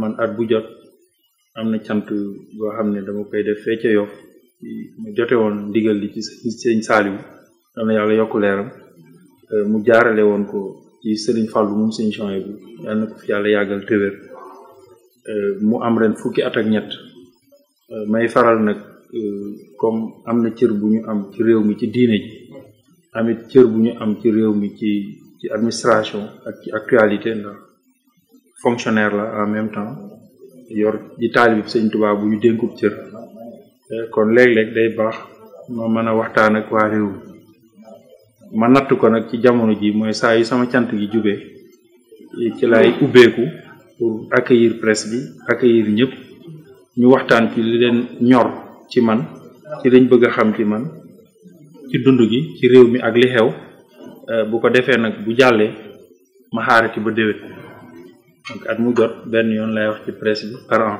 man at bu jot am na cant goo xam ne dama koy def fecce yof mu jote woon ndigal li ci sëñ Saaliw dal na yàlla yokk leeram euh, mu jaarale woon ko ci sëriñ Fàllu moom sëñ chony bu yàlla na fi yàlla yàggal téwér euh, mu am ren fukki at ak ñett euh, may faral nag comme am na cër bu ñu am ci réew mi ci diine ji amit cër bu ñu am ci réew mi ci administration actualité fonctionnaire la en même temps yor di taalib sëñ Tuubaa bu ñu dénkub cër kon léeg-léeg day baax ma mën a waxtaan ak waa réew ma natt ko nag ci jamono ji mooy saa yu sama cant gi jubee ci lay ubbeeku pour accueillir presse bi accueillir ñëpp ñu waxtaan ci li leen ñor ci man ci lañ bëgg a xam ci man ci dund gi ci réew mi ak li xew eh, bu ko defee nag bu jàllee ma xaarati ba déwén donc at mu jot benn yoon lay wax ci presse bi par an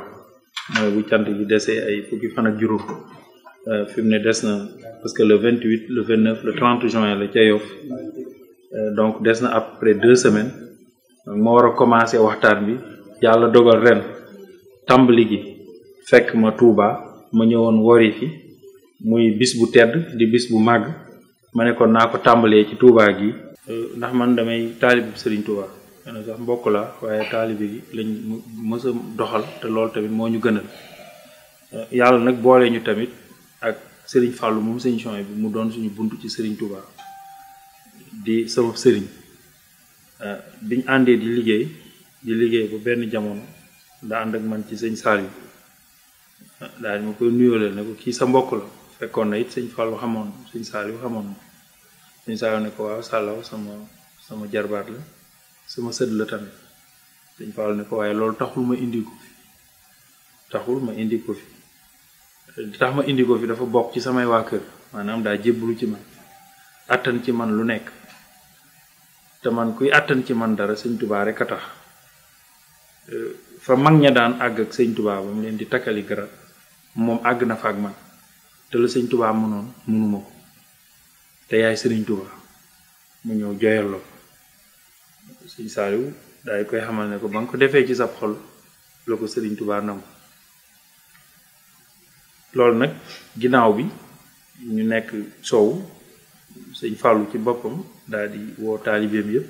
mooy bu cant bi desee ay fukki fan ak juróom euh, fi mu ne des na parce que le vingt huit le vingt neuf le trente juin la ca Yoff euh, donc des na après deux semaines donc ma war a commencé waxtaan bi yàlla dogal ren tàmbali gi fekk ma Touba ma ñëwoon wori muy bis bu tedd di bis bu màgg ma ne kon naa ko tàmbalee ci Touba gi euh, ndax man damay taalib Serigne Touba nee sax mbokk la waaye taalibe gi lañ mës a doxal te lool tamit moo ñu gënal yàlla nag boole ñu tamit ak sëriñ Fallou moom sëriñ Chouaib bi mu doon suñu bunt ci sëriñ Touba di sama sëriñ biñ àndee di liggéey di liggéey bu benn jamono daa ànd man ci sëñ Saliou daal ma koy nuyooleel ne ko kii sa mbokk la fekkoon na it sëñ Fallou xamoon sëñ Saliou xamoon sëñ Saliou ne ko waaw Sàllaw sama sama jarbaat la sama sët la tamit dañ faal ne ko waaye loolu taxul ma indi fi taxul ma indi ko fi tax ma indi fi dafa bokk ci samay waa kër maanaam daa jébbalu ci man àttan ci man lu nekk te man kuy àttan ci man dara sëñ tubaa rek a tax fa mag ña daan àgg ak sëñ tubaa ba mu leen di takkali garab moom àgg na fa ak man te la sëñ tubaa noonu mënuma ko te yaay sëriñ tubaa mu ñëw joyal la suñ Saaliw daay koy xamal ne ko ba nga ko defee ci sab xol loo ko sëriñ Tuubaa nangu loolu nag ginnaaw bi ñu nekk soow sëñ Fàllu ci boppam daal di woo taalibeem yëpp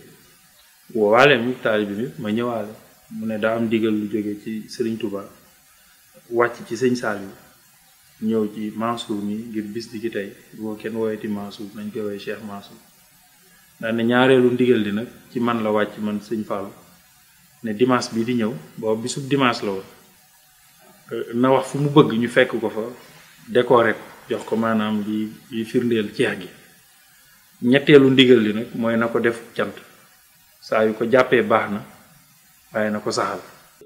woo waaleem yëpp taalibeem yëpp ma ñëwaale mu ne daa am digal lu jóge ci sëriñ tubaa wàcc ci sëñ Saaliw ñëw ci Mansour mi ngir bis di ci tey boo kenn woowee ti Mansour nañ koy woowee Cheikh Mansour daan ne ñaareelu ndigal li nag ci man la wàcc man sëñ Fallou ne dimanche bii di ñëw boobu bisub dimanche la woon euh, na wax fu mu bëgg ñu fekk ko fa décorer rek jox ko maanaam li li firndeel ceex gi ñetteelu ndigal li nag mooy na ko def cant saa yu ko jàppee baax na waaye na ko saxal.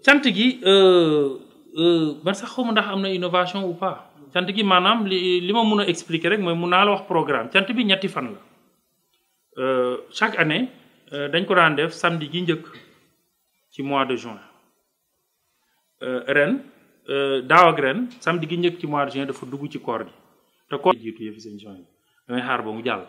cant gi euh, euh, man sax xaw ma ndax am na innovation ou pas cant gi maanaam li li ma mun a expliquer rek mooy mun naa la wax programme cant bi ñetti fan la. Euh, chaque année euh, dañ ko daan def samedi gi njëkk ci mois de juin euh, ren daaw ak ren samdi gi njëkk ci mois de juin dafa dugg ci koor gi te koor jiitu yëfi seen juin damay xaar ba mu jàll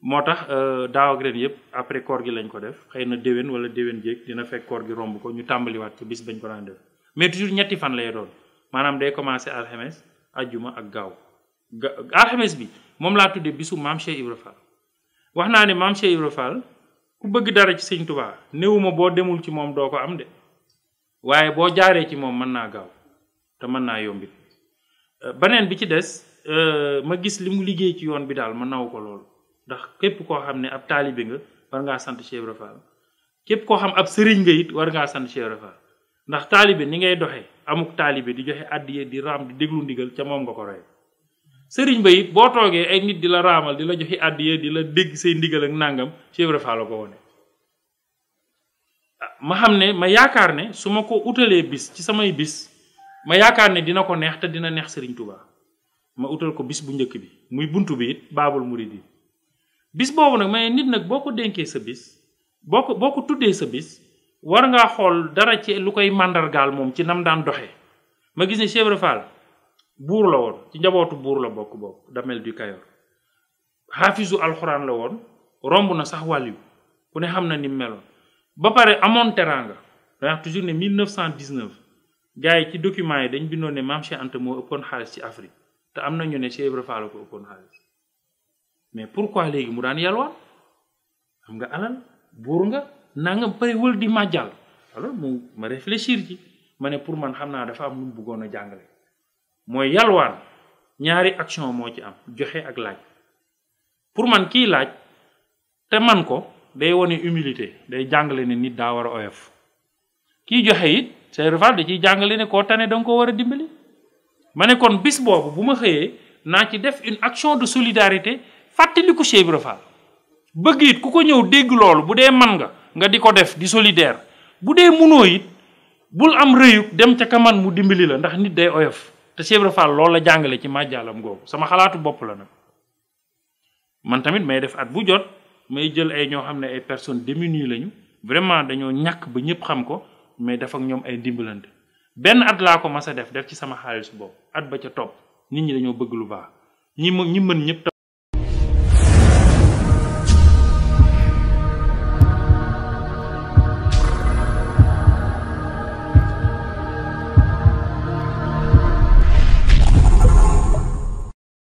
moo tax daaw ak ren yëpp après koor gi lañ ko def xëy na déwén wala déwén jéeg dina fekk koor gi romb ko ñu tàmbaliwaat ci bis bañ ko daan def mais toujours ñetti fan lay doon maanaam day commencé alxames ajjuma ak gaaw ga bi moom laa tuddee bisu maam Cheikh Ibra Fall wax naa ne maam Cheikh ku bëgg dara ci sëñ tubaa néewuma boo demul ci moom doo ko am de waaye boo jaaree ci moom mën naa gaaw te mën naa yombit euh, beneen bi ci des euh, ma gis li mu liggéey ci yoon bi daal ma naw ko loolu ndax képp koo xam ne ab taalibe nga war ngaa sant Cheikh Ibra képp koo xam ab sëriñ nga it war ngaa sant Cheikh Ibra Fall ndax taalibe ni ngay doxee amuk taalibe di joxe àddiya di raam di déglu ndigal ca moom nga ko roye sëriñ ba it boo toogee ay nit di la raamal di la joxi àddiya di la dégg say ndigal ak nàngam Cheikh Ibra Fall ko wone ah, ma xam ne ma yaakaar ne su ma ko utalee bis ci samay bis ma yaakaar ne dina ko neex te dina neex sëriñ Touba ma utal ko bis bu njëkk bi muy bunt bi it baabul muridi bis boobu nag may nit nag boo ko dénkee sa bis boo ko boo ko tuddee sa bis war ngaa xool dara ci lu koy màndargaal moom ci nam daan doxee ma gis ne Cheikh Ibra buur la woon ci njabootu buur la bokk bokk Damel du Kayor xaafisu alxuraan la woon romb na sax wàll ku ne xam na ni meloon ba pare amoon teraanga dañuy wax toujours ne 1919 gars yi ci documents yi dañ bindoon ne Maam Cheikh Anta moo ëppoon xaalis ci Afrique te am na ñu ne Cheikh Ibra Fall la ko ëppoon xaalis mais pourquoi léegi mu daan yalwaan am nga alal buur nga naa nga pare wël di màjjal alors mu ma réfléchir ci ma ne pour man xam naa dafa am lu a jàngale. mooy yalwaan ñaari action moo ci am joxe ak laaj pour man kii laaj te man ko day wone humilité day jàngale ne nit daa war a oyof kii joxe it say da ciy jàngale ne koo tane danga ko war a dimbali ma ne kon bis boobu bu ma xëyee naa ci def une action de solidarité fàttaliku Cheikh Ibra bëgg it ku ko ñëw dégg loolu bu dee man nga nga di ko def di solidaire bu dee munoo it bul am rëyuk dem ca kaman mu dimbali la ndax nit day oyof te Cheikh Ibra Fall loolu la jàngale ci màjjaalam googu sama xalaatu bopp la nag man tamit may def at bu jot may jël ay ñoo xam ne ay personnes démunies lañu vraiment dañoo ñàkk ba ñëpp xam ko mais def ak ñoom ay ndimbalante benn at laa ko mas a def def ci sama xaalis bopp at ba ca topp nit ñi dañoo bëgg lu baax ñi ñi mën ñëpp.